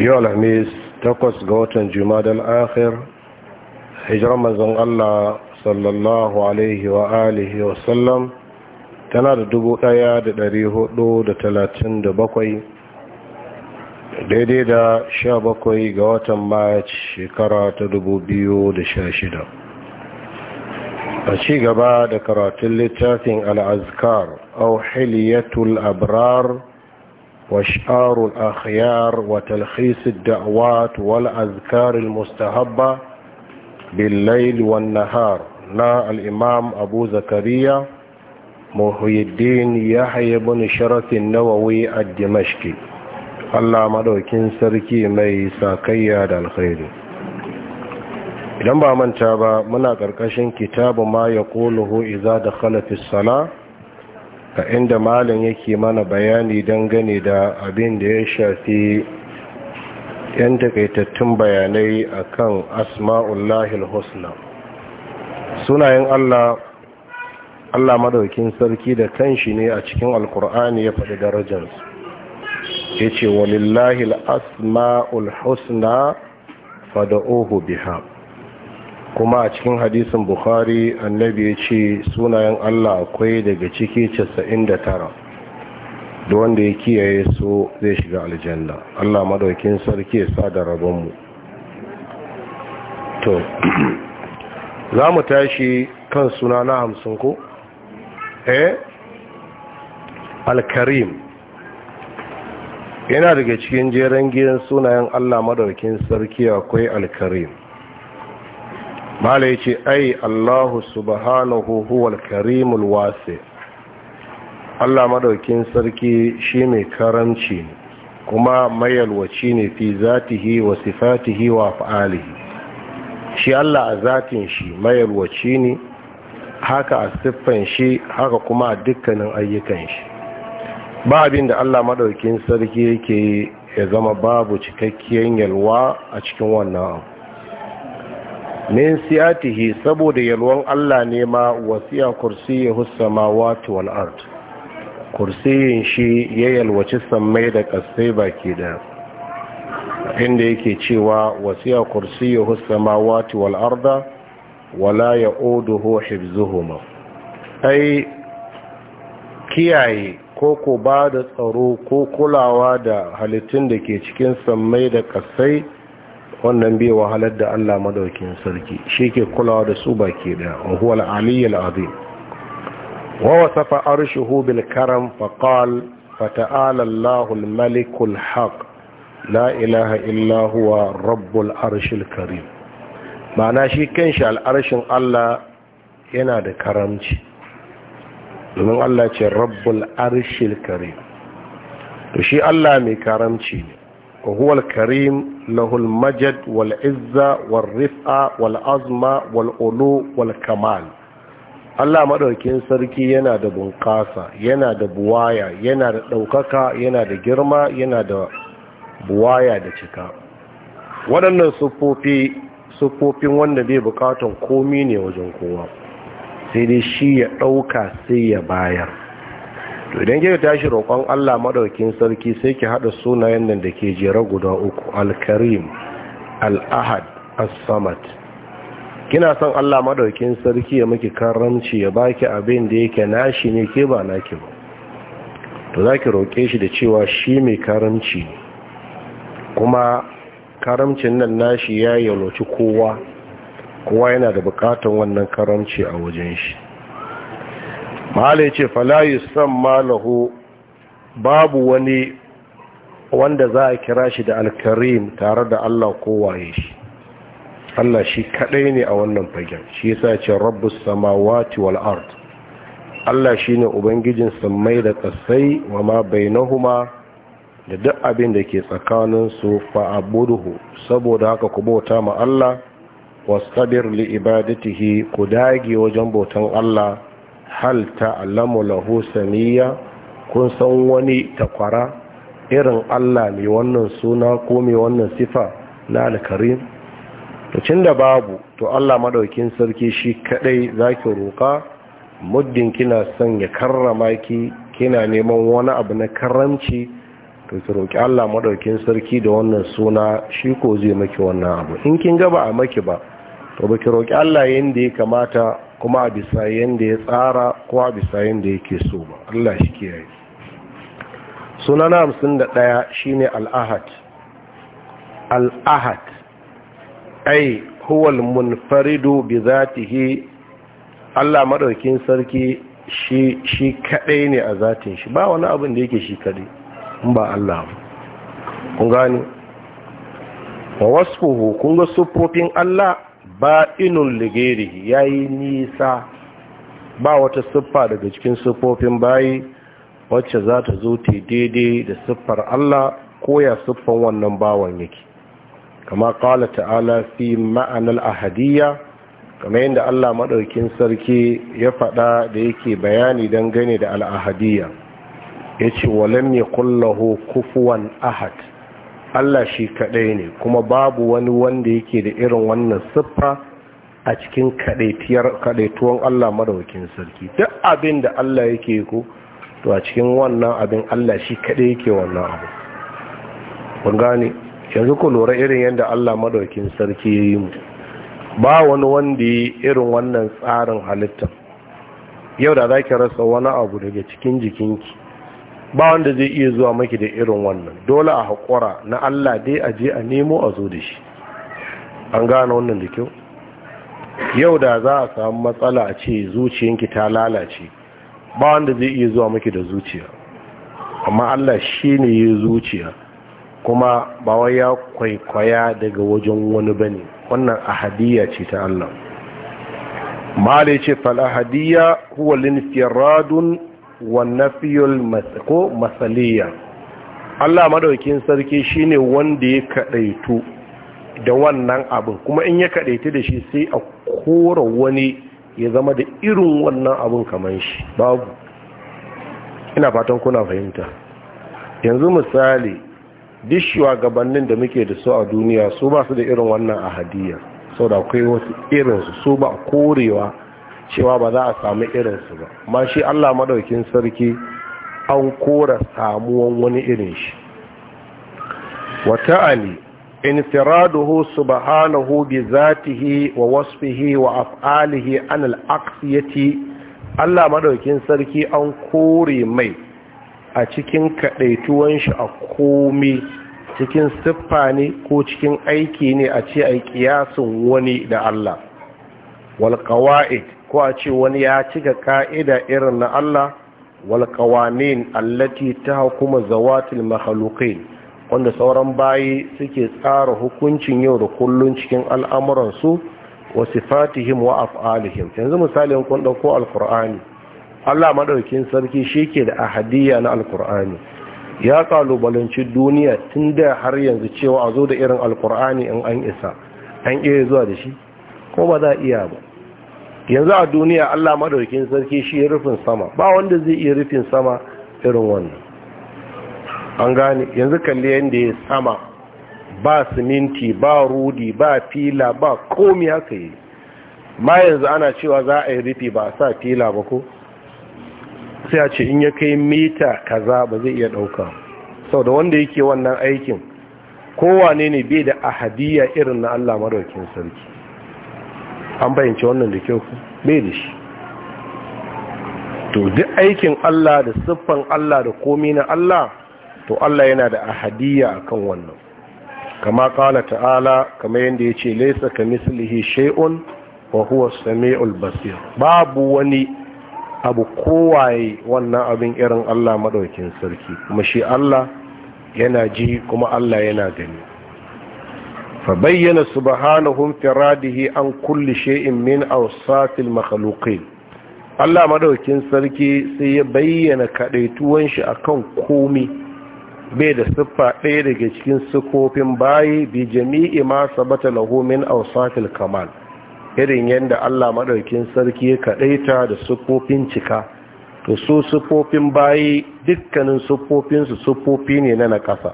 yau alhamis takwas ga watan jumadal akhir hijiran manzon Allah sallallahu alaihi wa alihi wa sallam tana da dubu daya da dari hudu da talatin da bakwai daidai da sha bakwai ga watan march shekara ta dubu biyu da sha shida a ci gaba da karatun littafin al'azkar au hiliyatul abrar واشعار الأخيار وتلخيص الدعوات والأذكار المستهبة بالليل والنهار لا الإمام أبو زكريا محي الدين يحيى بن شرف النووي الدمشقي Allah madaukin sarki mai sakayya da alkhairi idan ba manta ba muna karkashin kitabu ma ya kuluhu iza da khalafis sala a inda malin yake mana bayani dangane da abin da ya shafi yan takaitattun bayanai a akan asma'ullahil husna sunayen Allah Allah madaukin sarki da kanshi ne a cikin alkur'ani ya faɗi darajarsu ya ce Walillahil asmaul husna fada'uhu biha kuma a cikin hadisin bukhari annabi ya ce sunayen allah akwai daga ciki 99 da wanda ya kiyaye su zai shiga aljanna allah madaukin sarki ya sa da rabonmu to za mu tashi kan suna na hamsin ko eh alkarim yana daga cikin jeren gidan sunayen allah madaukin sarki akwai alkarim mala ya ce ai allahu subhanahu huwal karimul wasi allah madaukin sarki shi mai karamci ne kuma mayalwaci ne fi zatihi wa sifatihi wa fa'alihi shi allah a zatin shi mayalwaci ne haka a siffan shi haka kuma a dukkanin ayyukan shi ba abin da allah madaukin sarki yake ya zama babu cikakkiyar yalwa a cikin wannan abu min siyatihi saboda yalwan Allah ne ma wasiya kursiyyuhu samawati wal ard kursiyin shi ya yalwaci sammai da kasai baki da inda yake cewa wasiya kursiyyuhu samawati wal wal'arda, wala ya'uduhu hibzuhuma ai kiyaye ko ko ba da tsaro ko kulawa da halittun da ke cikin sammai da ƙasai. wannan bai wahalar da Allah madaukin sarki shi ke kulawa da su baki daya wa huwa al-aliyyul azim wa wasafa arshuhu bil karam fa qala al-malikul haq la ilaha illa rabbul arshil karim ma'ana shi kanshi al'arshin Allah yana da karamci domin Allah ce rabbul arshil karim to shi Allah mai karamci ne وهو الكريم له المجد والعزة والرفعة والعظمة والعلو والكمال Allah maɗaukin sarki yana da bunƙasa yana da buwaya yana da ɗaukaka yana da girma yana da buwaya da cika waɗannan siffofi siffofin wanda zai buƙatan komi ne wajen kowa sai dai shi ya ɗauka sai ya bayar to idan kika tashi roƙon Allah madaukin sarki sai ki hada sunayen nan da ke jira guda uku al-karim al-ahad as-samad kina son Allah madaukin sarki ya miki karamci ya baki abin da yake nashi ne ke ba naki ba to zaki roƙe shi da cewa shi mai karamci kuma karamcin nan nashi ya yalwaci kowa kowa yana da bukatun wannan karamci a wajen shi mahala ce falayu san malahu babu wani wanda za a kira shi da alkarim tare da Allah kowaye shi Allah shi kadai ne a wannan fagen shi yasa ce rabbus samawati wal ard Allah shi ne ubangijin samai da kasai wa ma bainahuma da duk abin da ke tsakanin su fa abuduhu saboda haka ku bauta ma Allah wastabir li ibadatihi ku dage wajen bautan Allah hal ta'lamu lahu samiyya kun san wani takwara irin Allah mai wannan suna ko mai wannan sifa na alkarim to cin da babu to Allah madaukin sarki shi kadai zaki roka muddin kina son ya karrama ki kina neman wani abu na karamci to ki roƙi Allah madaukin sarki da wannan suna shi ko zai maki wannan abu in kin ga ba a maki ba to baki ki roƙi Allah yadda ya kamata kuma a bisa yadda ya tsara ko a bisa yadda yake so ba Allah shi kiyaye suna na hamsin da ɗaya shine al'ahad al'ahad ai huwal munfaridu bi zatihi Allah maɗaukin sarki shi shi kadai ne a zatin shi ba wani abin da yake shi kadai, in ba Allah kun gani wa wasfuhu kun ga siffofin Allah Ba inun ligeri ya yi nisa ba wata siffa daga cikin siffofin bayi wacce za ta zo ta daidai da siffar Allah ko ya siffan wannan bawan yake kama kala ta'ala fi ma'anar ahadiyya kama yadda Allah maɗaukin sarki ya faɗa da yake bayani gane da al'ahadiyya ya ce walam ya kullahu kufuwan ahad Allah shi kaɗai ne kuma babu wani wanda yake da irin wannan siffa a cikin kaɗaituwan Allah madawakin sarki duk abin da Allah yake ko to a cikin wannan abin Allah shi kaɗai yake wannan abu kun gane yanzu ku lura irin yadda Allah madawakin sarki ya yi mu ba wani wanda ya irin wannan tsarin halittar yau da za ki rasa wani abu daga cikin jikinki ba wanda zai iya zuwa maki da irin wannan dole a haƙura na Allah dai a je a nemo a zo da shi an gane wannan da kyau yau da za a samu matsala a ce zuciyanki ta lalace ba wanda zai iya zuwa maki da zuciya amma Allah shi ne ya zuciya kuma ba wai ya kwaikwaya daga wajen wani bane wannan ahadiyya ce ta Allah mala ce fal ahadiyya huwa linfiradun Wanna nafiyul ko masaliya Allah madaukin sarki shine wanda ya kadaitu da wannan abin kuma in ya kadaitu da shi sai a kora wani ya zama da irin wannan abin kamar shi babu ina fatan kuna fahimta yanzu misali duk shugabannin da muke da su a duniya su ba su da irin wannan ahadiyar sau da akwai wasu irinsu su ba korewa cewa ba za a samu irinsu ba ma shi allah maɗaukin sarki an kora samuwan wani irin shi wata ali infiraduhu subhanahu bi zatihi wa wasfihi wa af'alihi an al'aqsiyati allah maɗaukin sarki an kore mai a cikin kaɗaituwan shi a komi cikin siffa ne ko cikin aiki ne a ce a kiyasin wani da allah walƙawa'id ko a ce wani ya cika ka'ida irin na Allah wal qawanin allati tahkumu zawatil mahalukai, wanda sauran bayi suke tsara hukuncin yau da kullun cikin al'amuransu su wa sifatihim wa af'alihim yanzu misalin kun dauko alqur'ani Allah madaukin sarki shike da ahadiyya na alqur'ani ya kalubalanci duniya tunda har yanzu cewa a zo da irin alqur'ani in an isa an iya zuwa da shi ko ba za a iya ba yanzu a duniya Allah madaukin sarki shi ya rufin sama ba wanda zai iya rufin sama irin wannan an gane yanzu kalli yanda ya sama ba siminti ba rudi ba fila ba komi haka yi ma yanzu ana cewa za a yi rufi ba sa fila ba ko sai a ce in ya kai mita kaza ba zai iya ɗauka sau da wanda yake wannan aikin kowane ne bai da ahadiyya irin na Allah madaukin sarki an bayyance wannan da kyau bai da shi to duk aikin Allah da siffan Allah da komi na Allah to Allah yana da ahadiyya akan wannan kama kala ta'ala kama yadda ya ce laisa ka mislihi shay'un wa huwa samiul basir babu wani abu kowaye wannan abin irin Allah madaukin sarki kuma shi Allah yana ji kuma Allah yana gani فبين سبحانه انفراده عن كل شيء من اوصاف المخلوقين Allah مدوكين sarki sai ya bayyana kadaituwan shi كومي komi bai da siffa daga cikin sukofin bayi bi jami'i ma sabata lahu min al kamal irin yadda Allah madaukin sarki ya kadaita da siffofin cika to su siffofin bayi dukkanin siffofinsu siffofi ne na nakasa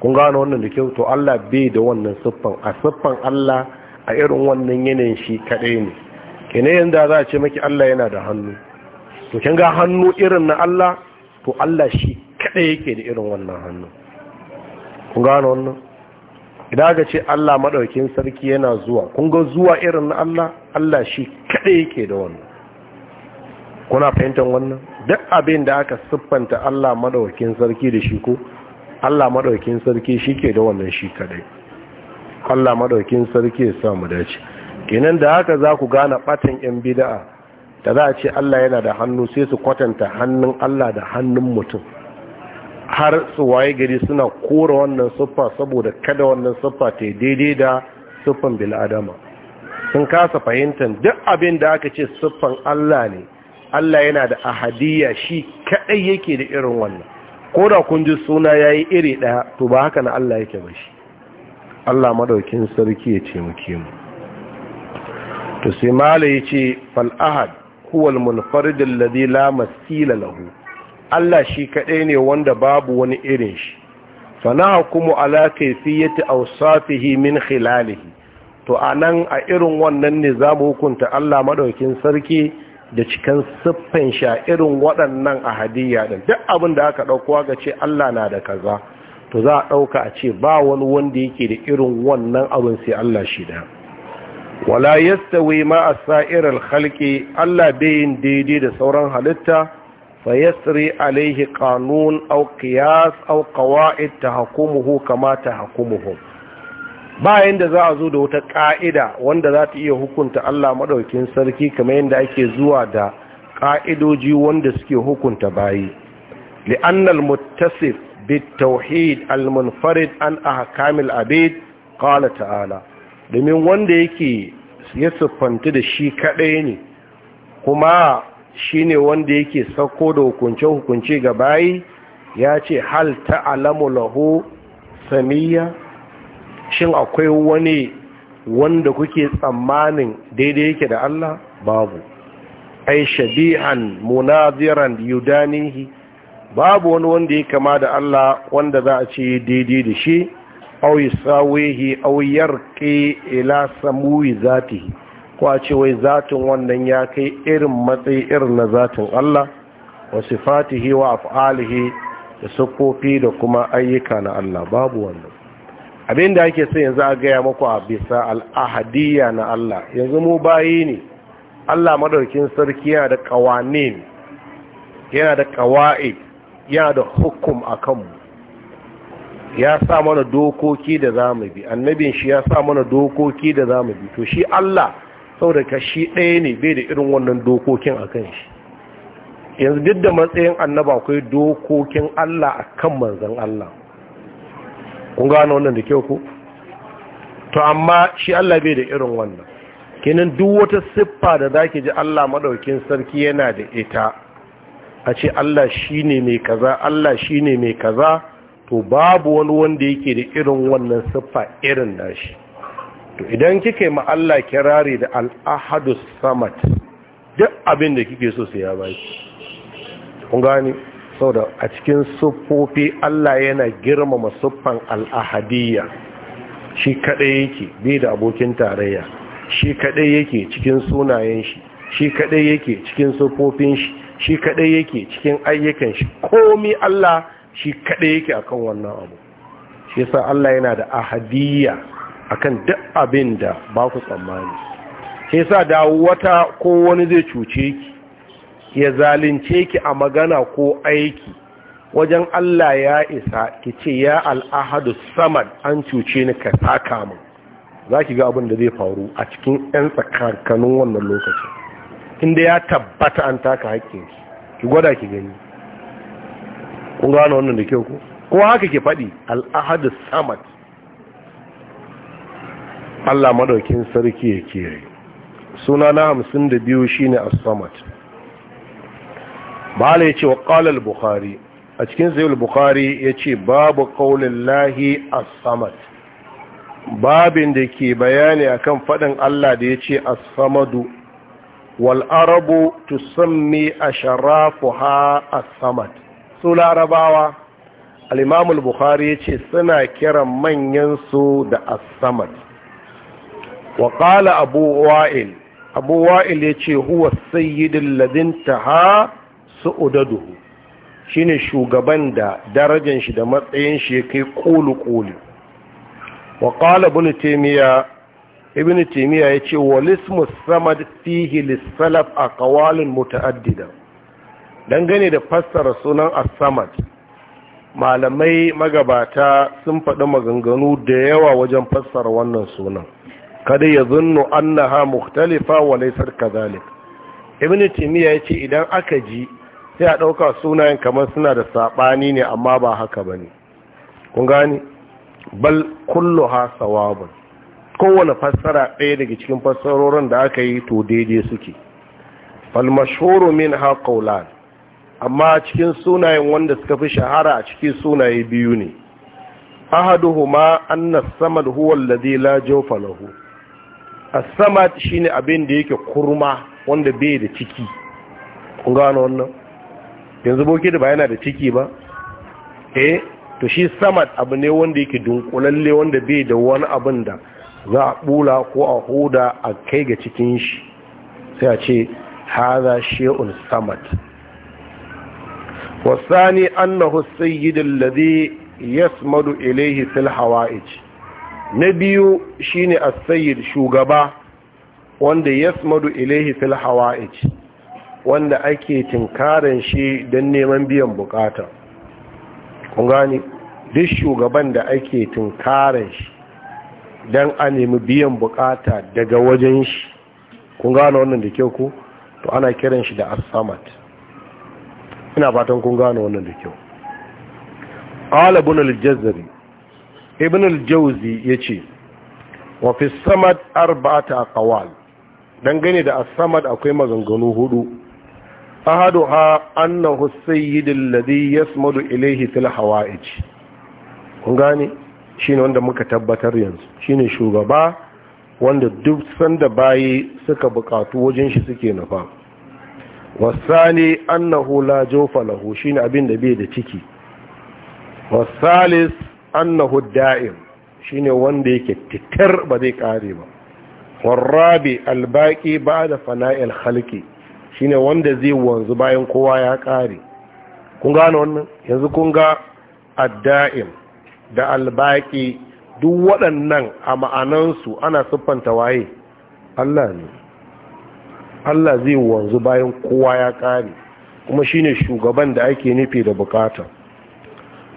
kun gano wannan da kyau to Allah bai da wannan siffan a siffan Allah a irin wannan yanayin shi kaɗai ne kene yanda za a ce maki Allah yana da hannu to kin ga hannu irin na Allah to Allah shi kaɗai yake da irin wannan hannu kun gano wannan idan aka ce Allah madaukin sarki yana zuwa kun ga zuwa irin na Allah Allah shi kaɗai yake da wannan kuna fahimtar wannan duk abin da aka siffanta Allah madaukin sarki da shi ko Allah maɗaukin sarki shi ke da wannan shi kadai Allah madaukin sarki ya sa dace kenan da haka za ku gane ɓatan yan bid'a da za a ce Allah yana da hannu sai su kwatanta hannun Allah da hannun mutum har su waye gari suna kora wannan siffa saboda kada wannan siffa ta daidai da siffan bil'adama sun kasa fahimtar duk abin da aka ce siffan Allah ne Allah yana da ahadiyya shi kadai yake da irin wannan ko da kun ji suna ya yi iri ɗaya to ba haka na Allah yake ba shi Allah maɗaukin sarki ya ce muke mu to sai mala ya ce fal'ahad huwal munfaridin ladi la masila lahu Allah shi kaɗai ne wanda babu wani irin shi fana hukumu ala kaifiyati awsafihi min khilalihi to anan a irin wannan ne zamu hukunta Allah maɗaukin sarki da cikin siffan sha irin waɗannan a hadiyya ɗin duk abin da aka ɗauko ga ce Allah na da kaza to za a ɗauka a ce ba wani wanda yake da irin wannan abin sai Allah shi da wala yastawi ma as-sa'ir al-khalqi Allah bai yin daidai da sauran halitta fa yasri alaihi qanun aw qiyas aw qawaid tahkumuhu kama tahkumuhum bayan da za a zo da wata ƙa'ida wanda za ta iya hukunta Allah maɗaukin sarki kamar yadda ake zuwa da ƙa'idoji wanda suke hukunta bayi li'annal muttasif bit tauhid al-munfarid an ahkamil abid ƙala ta'ala domin wanda yake ya siffanta da shi kaɗai ne kuma shi ne wanda yake sauko da hukunce-hukunce ga bayi ya ce hal ta'alamu lahu samiyya shin akwai wani wanda kuke tsammanin daidai yake da Allah babu ai shabihan munaziran yudanihi babu wani wanda ya kama da Allah wanda za a ce daidai da shi au yasawihi au yarqi ila samuwi zatihi ko a ce wai zatin wannan ya kai irin matsayi irin na zatin Allah wa sifatihi wa af'alihi da sufofi da kuma ayyuka na Allah babu wannan abin da ake so yanzu a gaya maku a bisa al'ahadiyya na Allah yanzu mu bayi ne Allah madaukin sarki yana da kawanin yana da kawai yana da hukum a kanmu ya sa mana dokoki da za mu bi annabin shi ya sa mana dokoki da za mu bi to shi Allah saboda kashi ɗaya ne bai da irin wannan dokokin a kan shi yanzu duk da matsayin annaba akwai dokokin Allah a kan manzan Allah kun gano wannan da kyau ku to amma shi Allah bai da irin wannan kenan duk wata siffa da zaki ji Allah madaukin sarki yana da ita a ce Allah shine mai kaza Allah shine mai kaza to babu wani wanda yake da irin wannan siffa irin nashi to idan kike ma Allah kirari da al-ahadus samad duk abin da kike so sai ya baki kun gani saboda a cikin siffofi Allah yana girmama siffan al'ahadiyya shi kaɗai yake bai da abokin tarayya shi kaɗai yake cikin sunayen shi shi kaɗai yake cikin siffofin shi shi kaɗai yake cikin ayyukan shi komi Allah shi kaɗai yake akan wannan abu shi yasa Allah yana da ahadiyya akan duk abin da ba ku tsammani shi yasa da wata ko wani zai cuce ki ya zalince ki a magana ko aiki wajen Allah ya isa ki ce ya al'ahadu saman an cuce ni ka saka min za ki ga abin da zai faru a cikin 'yan tsakankanin wannan lokacin inda ya tabbata an taka haƙƙinki ki gwada ki gani kun gano wannan da kyau ko ko haka ke faɗi al'ahadu samad Allah maɗaukin sarki ya kere suna na hamsin da biyu shine as-samad bala ya ce wa bukhari a cikin sayul bukhari ya ce babu ƙaunin lahi a samad babin da ke bayani akan faɗin allah da ya ce a samadu wal'arabu tusammi a sharafuha a samad su larabawa al'imamul bukhari ya ce suna kiran manyansu da a samad wa ƙala abu wa'il abu wa'il ya ce huwa sayyidin ladinta ha Su su'udaduhu shine shugaban da darajar shi da matsayin shi ya kai kulu-kulu wa qala ibn taymiya ibn taymiya yace wal ismu samad fihi lis aqwal muta'addida dangane da fassara sunan as-samad malamai magabata sun faɗi maganganu da yawa wajen fassara wannan sunan kada ya zunnu annaha muhtalifa wa laysat kadhalik ibn taymiya yace idan aka ji sai a ɗauka sunayen kamar suna da saɓani ne amma ba haka ba ne kun gani bal kullu ha sawabun kowane fassara ɗaya daga cikin fassarorin da aka yi to daidai suke mashoro min ha kaulan amma cikin sunayen wanda suka fi shahara a cikin sunaye biyu ne ahaduhuma annas samad huwa alladhi la jawfa lahu as-samad shine abin da yake kurma wanda bai da ciki kun gano wannan yanzu da ba yana da ciki ba E, to shi samad abu ne wanda yake dunkulalle wanda bai da wani abin da za a bula ko a huda a kai ga cikin shi sai a ce haza shi'un samad wasani annahu sayyidul ladhi yasmadu ilayhi fil hawa'ij na biyu shine as-sayyid shugaba wanda yasmadu ilayhi fil hawa'ij wanda ake tinkarin shi don neman biyan bukata kun gani duk shugaban da ake tinkarin shi don a nemi biyan bukata daga wajen shi kun gano wannan da kyau ku to ana kiran shi da asamat ina fatan kun gano wannan da kyau alibun aljazari ibn aljauzi ya ce wafi samad arba ta kawal dangane da asamad akwai maganganu hudu ahaduha annahu sayyidul ladhi ilaihi ilayhi fil hawaij kun shine wanda muka tabbatar yanzu shine shugaba wanda duk sanda bayi suka bukatu wajen shi suke nufa wasani annahu la jawfa lahu shine abin da bai da ciki wasalis annahu da'im shine wanda yake titar ba zai kare ba warabi albaki ba'da fana'il khalqi shine wanda zai wanzu bayan kowa ya kare kun gane wannan yanzu kun ga adda'im da albaki duk waɗannan a ma'anansu ana siffanta waye Allah ne Allah zai wanzu bayan kowa ya kare kuma shine shugaban da ake nufi da bukata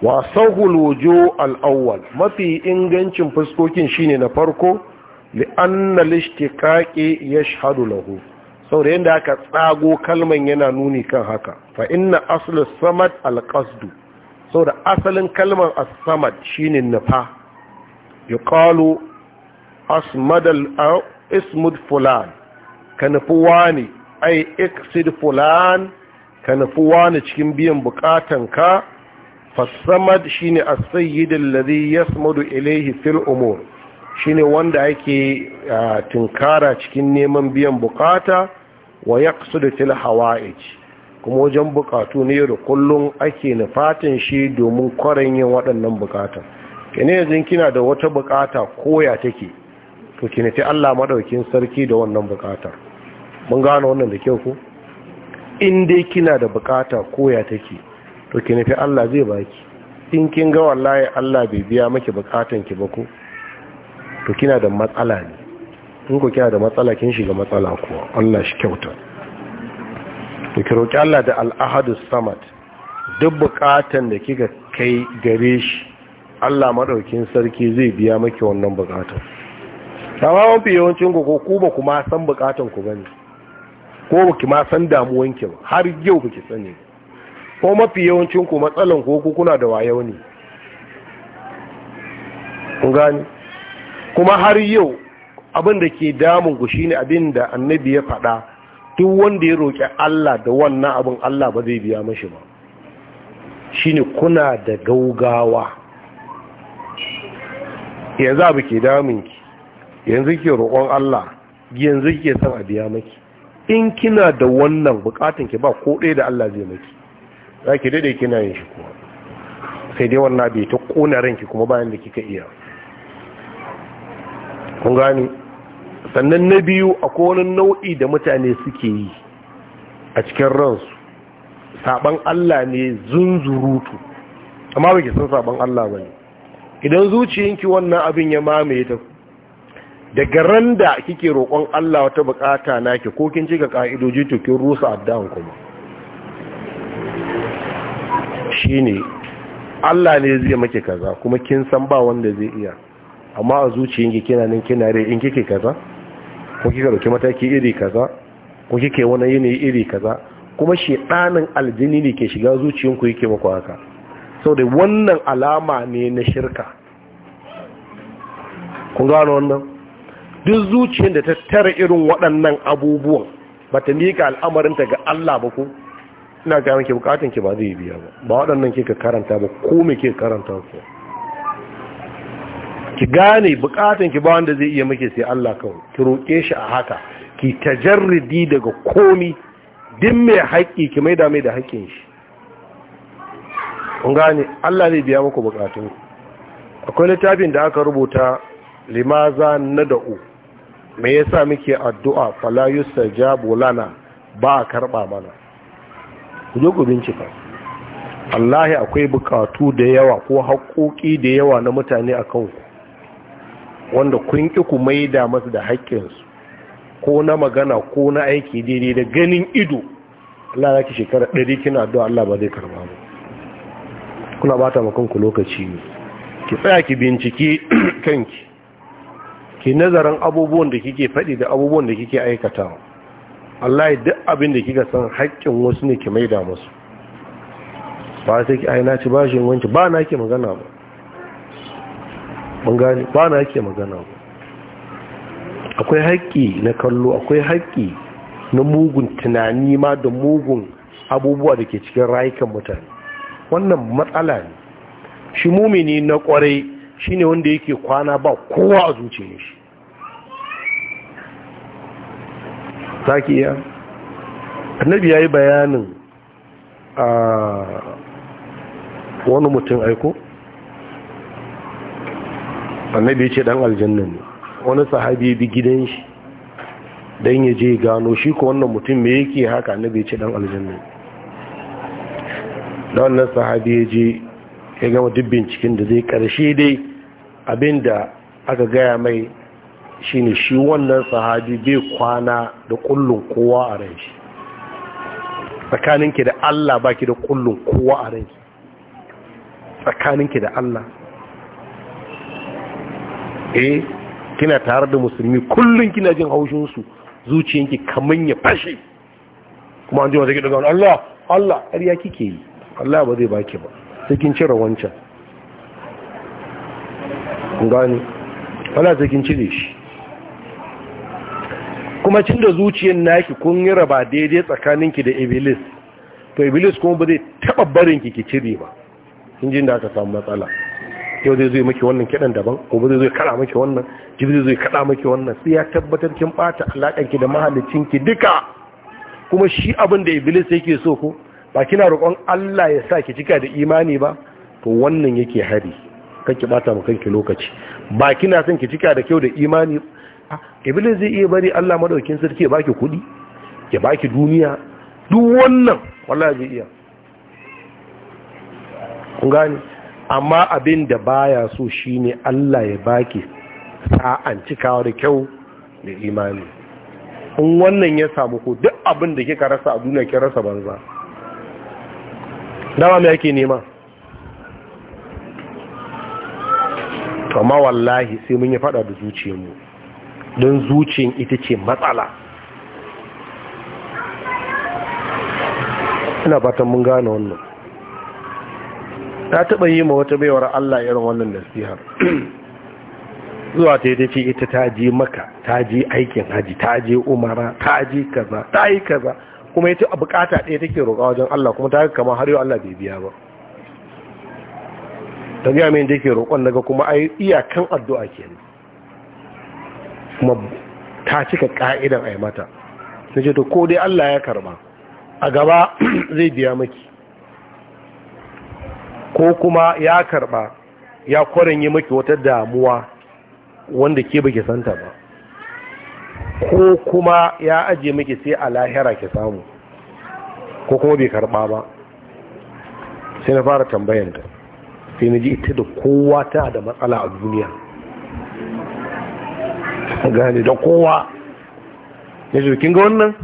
wa sahul al'awwal al mafi ingancin fuskokin shine na farko li anna lishtiqaqi yashhadu lahu saboda yadda aka tsago kalman yana nuni kan haka fa inna aslus samad alqasdu saboda asalin kalman as-samad shine nufa yuqalu asmad al ismud fulan ka nufi ai iksid fulan ka cikin biyan bukatanka fasamad shine as-sayyid alladhi yasmudu ilayhi fil umur shine wanda yake tinkara cikin neman biyan buƙata. wa yaqsudu fil ci. kuma wajen bukatu ne da kullum ake nufatin shi domin kwarin yin waɗannan bukatun kene yanzu kina da wata bukata koya take to ki ta Allah madaukin sarki da wannan bukatar mun gano wannan da kyau ko in dai kina da bukata koya take to ki ta Allah zai baki in kin ga wallahi Allah bai biya miki bukatan ki ba ko to kina da matsala ne in ku kya da matsala kin shiga matsala kuwa Allah shi kyauta ki Allah da al-ahadus samad duk bukatun da kika kai gare shi Allah madaukin sarki zai biya miki wannan bukatun mun fi yawancin ku ko ku ba kuma san bukatun ku bane ko ba ki ma san damuwan ki ba har yau ba ki sani ko mafi yawancin ku matsalan ku ko kuna da wayo ne kun gani kuma har yau abin da ke damun ku shine abin da annabi ya faɗa duk wanda ya roƙi Allah da wannan abin Allah ba zai biya mashi ba shine kuna da gaugawa yanzu abu ke damun ki. yanzu ke roƙon Allah yanzu ke son a biya maki in kina da wannan buƙatun ki ba ko ɗaya da Allah zai maki za ki daidai kina yin shi kuma sai dai wannan bai ta ƙona ranki kuma bayan da kika iya kun gani sannan na biyu a wani nau'i da mutane suke yi a cikin ransu saban Allah ne zunzurutu amma ba ke san saban Allah ba ne idan zuciyanki wannan abin ya mamaye ta daga ran da kike roƙon Allah wata bukata naki ko kin cika ka'idoji to kin rusa addu'an kuma shine Allah ne zai maki kaza kuma kin san ba wanda zai iya amma a zuciyanki kina nan kina rai in kike kaza ko kika dauki mataki iri kaza ko kike wani yini iri kaza kuma shi ɗanin aljini ne ke shiga zuciyanku yake muku haka sau da wannan alama ne na shirka kun gano wannan duk zuciyar da ta tara irin waɗannan abubuwan ba ta miƙa al'amarinta ga Allah ba ku ina ga yanke bukatun ki ba zai biya ba ba waɗannan kika karanta ba ko me kika karanta ku ki gane bukatan ki ba wanda zai iya muke sai Allah kawai ki roƙe shi a haka ki tajarridi daga komi din mai haƙƙi ki maida mai da haƙƙin shi kun gane Allah zai biya muku bukatun akwai littafin da aka rubuta limaza na nada'u me yasa muke addu'a fala yustajabu lana ba a karba mana ku je ku bincika Allah akwai bukatu da yawa ko haƙoƙi da yawa na mutane a kanku wanda kun ƙi ku maida masu da su, ko na magana ko na aiki daidai da ganin ido Allah ya ki shekara ɗari kina addu'a Allah ba zai karba ba kuna bata makanku lokaci ne ki tsaya ki bincike kanki ki nazarin abubuwan da kike faɗi da abubuwan da kike aikatawa Allah ya duk abin da kika san haƙƙin wasu ne ki maida masu. ba sai ki aina ci bashin wanki ba na ki magana ba mun ba na yake magana akwai haƙƙi na kallo akwai haƙƙi na mugun tunani ma da mugun abubuwa da ke cikin rayukan mutane wannan matsala ne shi mumini na ƙwarai shi ne wanda yake kwana ba kowa a zuciyar shi za ki iya annabi ya yi bayanin a ah, wani mutum aiko annabi ya ce dan aljanna ne wani sahabi ya bi gidan shi dan ya je gano shi ko wannan mutum me yake haka annabi ya ce dan aljanna ne dan wannan sahabi ya je ya gama duk binciken da zai karshe dai abinda aka gaya mai shine shi wannan sahabi bai kwana da kullun kowa a ran shi tsakaninki da Allah baki da kullun kowa a ran shi tsakaninki da Allah eh kina tare da musulmi kullum kina jin haushinsu zuciyanki kaman ya fashe kuma an ji wata gidan Allah Allah ƙarya kike yi Allah ba zai baki ba sai kin cire wancan gani wala sai kin cire shi kuma cin da zuciyar naki kun yi raba daidai tsakaninki da iblis to iblis kuma ba zai taɓa barinki ki cire ba kin jin da aka samu matsala yau zai zai maki wannan kiɗan daban gobe zai zai kada maki wannan jibi zai kada maki wannan sai ya tabbatar kin bata alakan da mahallicinki duka kuma shi abin da iblis yake so ko ba kina roƙon Allah ya sa ki cika da imani ba to wannan yake hari ki bata mu kanki lokaci ba kina son ki cika da kyau da imani ah, iblis zai iya bari Allah madaukin sarki ya baki kudi ya baki duniya duk wannan wallahi zai iya kun gani amma abin da baya so shine Allah ya baki sa'an cikawa da kyau da imani in wannan ya samu ko duk abin da kika rasa a duniya kika rasa banza dama me yake nema to amma wallahi sai mun yi fada da zuciyarmu don zuciyar ita ce matsala ina fatan mun gane wannan ta taɓa yi ma wata baiwar Allah irin wannan nasihar zuwa ta yi ta ce ita ta je maka ta je aikin haji ta je umara ta je kaza ta yi kaza kuma ita a bukata ɗaya take roƙa wajen Allah kuma ta yi kama har yau Allah bai biya ba ta biya mai da ke roƙon daga kuma a iyakan addu'a ke kuma ta cika ƙa'idan a yi mata ce to ko dai Allah ya karba a gaba zai biya maki ko kuma ya karba ya kwarin yi maki wata damuwa wanda ke baki santa ba ko kuma ya ajiye maki sai a lahira ki samu ko kuma bai karba ba sai na fara tambayanta sai na ji ita da kowa ta da matsala a duniya gane da kowa ya kin ga wannan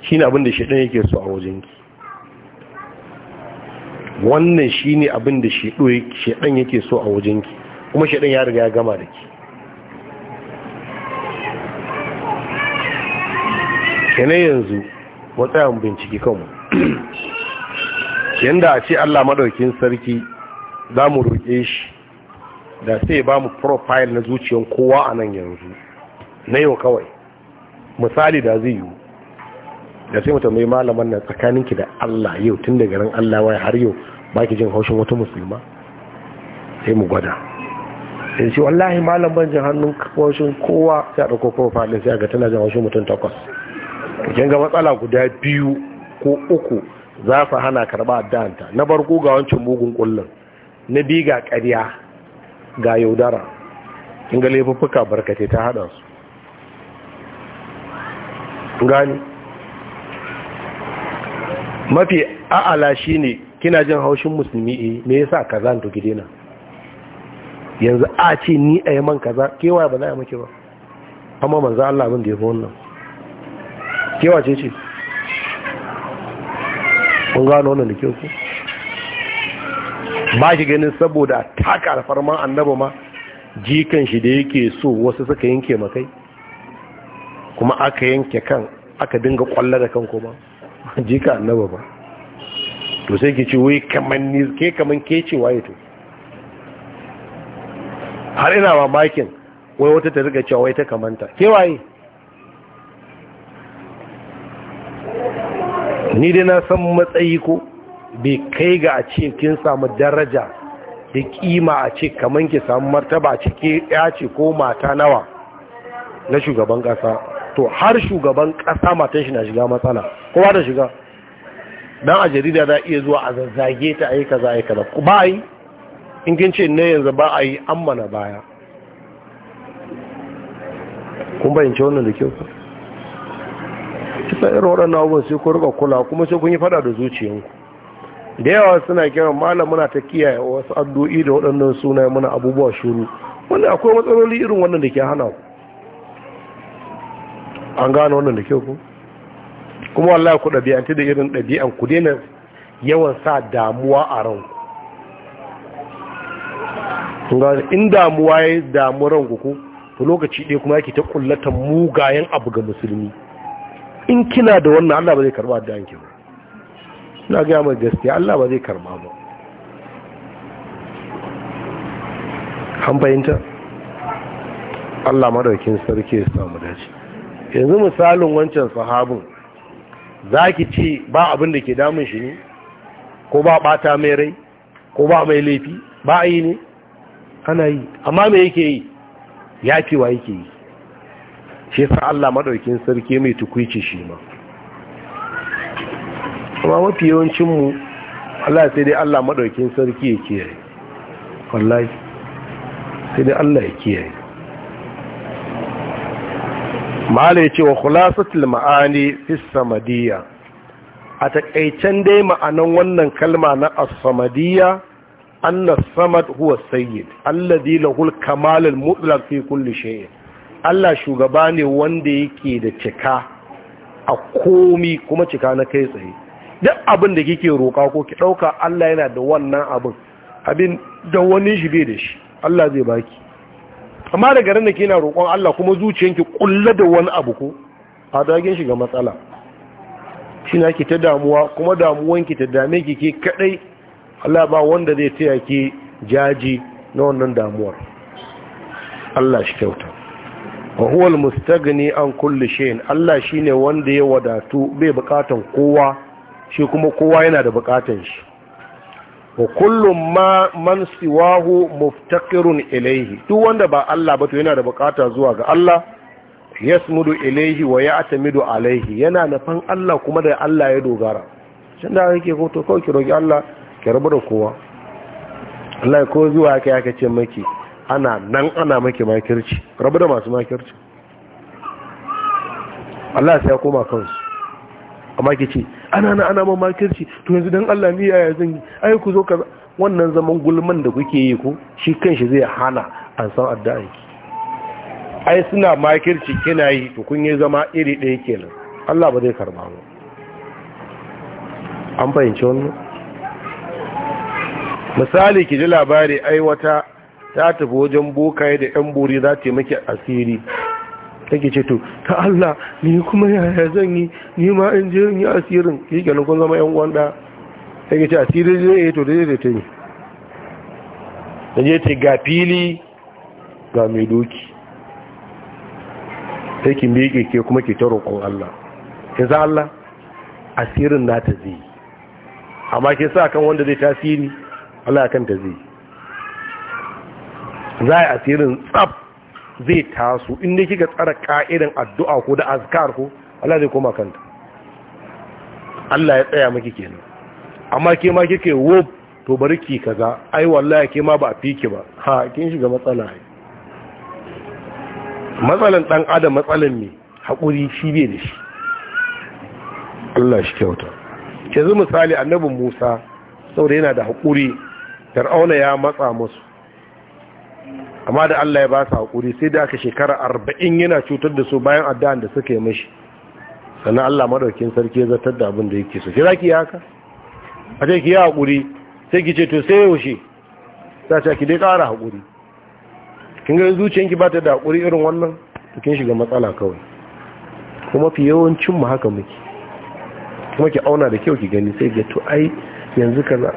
shi ne abinda shaɗin yake so a wajenki wannan shi ne abin da shedan yake so a wajenki kuma shedan ya riga ya gama da ki kene yanzu matsayin bincike kanmu Yadda a ce Allah maɗaukin sarki za mu roƙe shi da sai ba mu profile na zuciyan kowa a nan yanzu na yau kawai misali da zai yiwu da sai mutum mai malaman nan tsakanin ki da Allah yau tun daga garin Allah wai har yau ba ki jin haushin wata musulma sai mu gwada sai shi wallahi malam ban jin hannun haushin kowa sai a dauko profile sai ga tana jin haushin mutum takwas kin ga matsala guda biyu ko uku za su hana karba addanta na barko ga wancan mugun kullun na biyu ga ƙarya ga yaudara kin ga laifuffuka barkate ta hada su gani mafi a'ala ne, kina jin haushin musulmi eh me yasa kaza to ki na yanzu a ce ni a yi man kaza kewa ba a yi maki ba amma za Allah abin da ya fi wannan kewa ce ce kun gano wannan da ke ku ba shi ganin saboda taka alfarman annaba ma jikan shi da yake so wasu suka yanke makai kuma aka yanke kan aka dinga kwallo da kan kuma jika annaba ba to sai ki ce wai kaman ni ke kaman ke ce waye to har ina bakin wai wata ta riga cewa wai ta kamanta ke waye ni dai na san matsayi ko bai kai ga a ce kin samu daraja da kima a ce kaman ki samu martaba a ce ke ya ce ko mata nawa na shugaban kasa to har shugaban ƙasa matan shi na shiga matsala kowa da shiga dan a jarida za iya zuwa a zazzage ta ayi kaza baayi kaza ba yi in kin ce ne yanzu ba a yi an baya kun bayance wannan da kyau kisa irin waɗannan abubuwan sai ku rika kula kuma sai kun yi fada da zuciyanku da yawa suna kiran malam muna ta kiyaye wasu addu'i da waɗannan sunayen muna abubuwa shuru wanda akwai matsaloli irin wannan da ke hana ku an gano wannan da kyau ku kuma wallahi ku ɗabi'anci da irin ɗabi'an ku daina yawan sa damuwa a ranku in damuwa ya damu ranku ku to lokaci ɗaya kuma yake ta kullata mugayen abu ga musulmi in kina da wannan Allah ba zai karba da yanki ba ina ga mai gaskiya Allah ba zai karba ba an fahimta Allah madaukin sarki ya samu dace yanzu misalin wancan sahabin za ki ce ba abin da ke damun shi ne ko ba bata mai rai ko ba mai laifi ba a yi ne ana yi amma mai yake yi ya wa yake yi shi sa Allah maɗaukin sarki mai tukwici shi ma amma mafi yawancinmu Allah sai dai Allah maɗaukin sarki ya kiyaye wallahi sai dai Allah ya kiyaye mala ya ce wa khulasatul ma'ani fi samadiyya a takaicen dai ma'anan wannan kalma na as-samadiyya anna samad huwa sayyid alladhi lahu al-kamal al-mutlaq fi kulli shay Allah shugaba ne wanda yake da cika a komi kuma cika na kai tsaye duk abin da kike roƙa ko ki dauka Allah yana da wannan abin abin da wani shi bai da shi Allah zai baki amma da garin da ke na roƙon Allah kuma zuciyanki kulla da wani abu ko a dagin shiga matsala shi na ki ta damuwa kuma damuwanki ta dame ki ke kadai Allah ba wanda zai taya ki jaji na wannan damuwar Allah shi kyauta wa huwal mustaghni an kulli shay'in Allah shine wanda ya wadatu bai bukatan kowa shi kuma kowa yana da bukatan shi wa kullum ma man siwahu muftaqirun ilayhi duk wanda ba Allah ba to yana da bukata zuwa ga Allah yasmudu ilayhi wa ya'tamidu alaihi yana fan Allah kuma da Allah ya dogara shin da kake ko to kawai roki Allah ki rabu da kowa Allah ko zuwa kai aka ce miki ana nan ana miki makirci rabu da masu makirci Allah sai ya koma kansu A ke ce ana na ana mamakirci to yanzu don Allah miya ya zan yi ai ku zo kaza wannan zaman gulman da kuke yi ko shi kanshi zai hana an san addu'a ai suna makirci kina yi to kun yi zama iri ɗaya kenan Allah ba zai karba mu an fahimci wannan misali ki ji labari ai wata ta tafi wajen bokaye da yan buri za ta yi miki asiri take ce to ta Allah ni kuma yaya zan yi ni ma in je ni asirin yi ganin kun zama yan uwan da take ce asirin zai yi to da zai ta ne je ta ga fili ga mai doki sai ki miƙe ke kuma ki taro roƙon Allah za Allah asirin na ta zai amma ke sa kan wanda zai tasiri Allah kan ta zai za a asirin tsab zai taso in dai kika tsara ka'idan addu'a ko da azkar ko Allah zai koma kanta Allah ya tsaya miki kenan amma ke ma kike wo to bari ki kaza ai wallahi ke ma ba fiki ba ha kin shiga matsala ai matsalan dan adam matsalan me hakuri shi be da shi Allah shi kyauta zu misali annabin Musa saboda yana da hakuri Fir'auna ya matsa masu. amma da Allah ya ba su haƙuri sai da aka shekara arba'in yana cutar da su bayan addu'an da suka yi mashi sannan Allah maɗaukin sarki ya zartar da abin da yake so kira ki yi haka a ce ki yi haƙuri sai ki ce to sai yaushe ta ce ki dai ƙara haƙuri kin ga ki ba ta da haƙuri irin wannan to kin shiga matsala kawai kuma fi yawancin mu haka muke kuma ki auna da kyau ki gani sai ga to ai yanzu kaza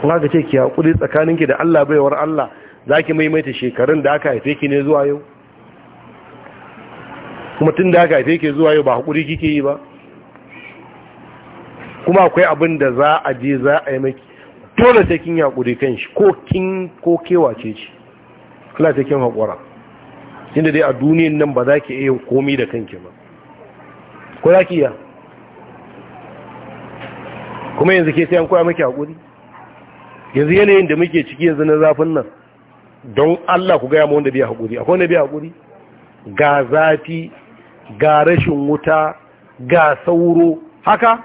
Kuma haka ce ki haƙuri tsakaninki da Allah baiwar Allah za ki maimaita shekarun da aka haife ki ne zuwa yau kuma tun da aka haife ki zuwa yau ba haƙuri kike yi ba kuma akwai abin da za a je za a yi maki dole sai kin haƙuri kan shi ko kin ko kewa ce kula ta kin haƙura inda dai a duniyan nan ba za ki iya komi da kanki ba ko za ki iya kuma yanzu ke sai an koya maki haƙuri yanzu yanayin da muke ciki yanzu na zafin nan don Allah ku gaya mu wanda biya haƙuri akwai wanda biya haƙuri ga zafi ga rashin wuta ga sauro haka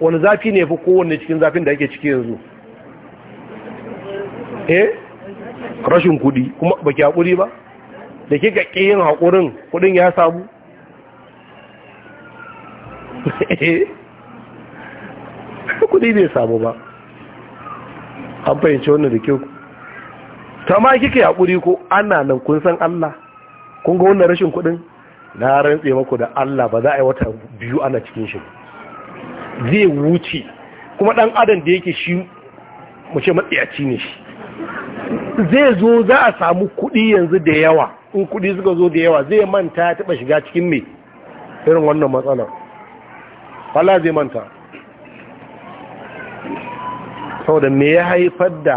wani zafi ne fi kowanne cikin zafin da ake ciki yanzu eh rashin kudi kuma baki haƙuri ba da ke ga yin haƙurin kudin ya samu eh kudi bai samu ba an fahimci wannan da kyau ta ma kike hakuri ko ana nan kun san Allah kun ga wannan rashin kuɗin na rantse maku da Allah ba za a yi wata biyu ana cikin shi zai wuce kuma ɗan adam da yake shi mu ce matsayaci ne shi zai zo za a samu kuɗi yanzu da yawa in kuɗi suka zo da yawa zai manta ya taɓa shiga cikin mai irin wannan matsalar Allah zai manta sau me ya haifar da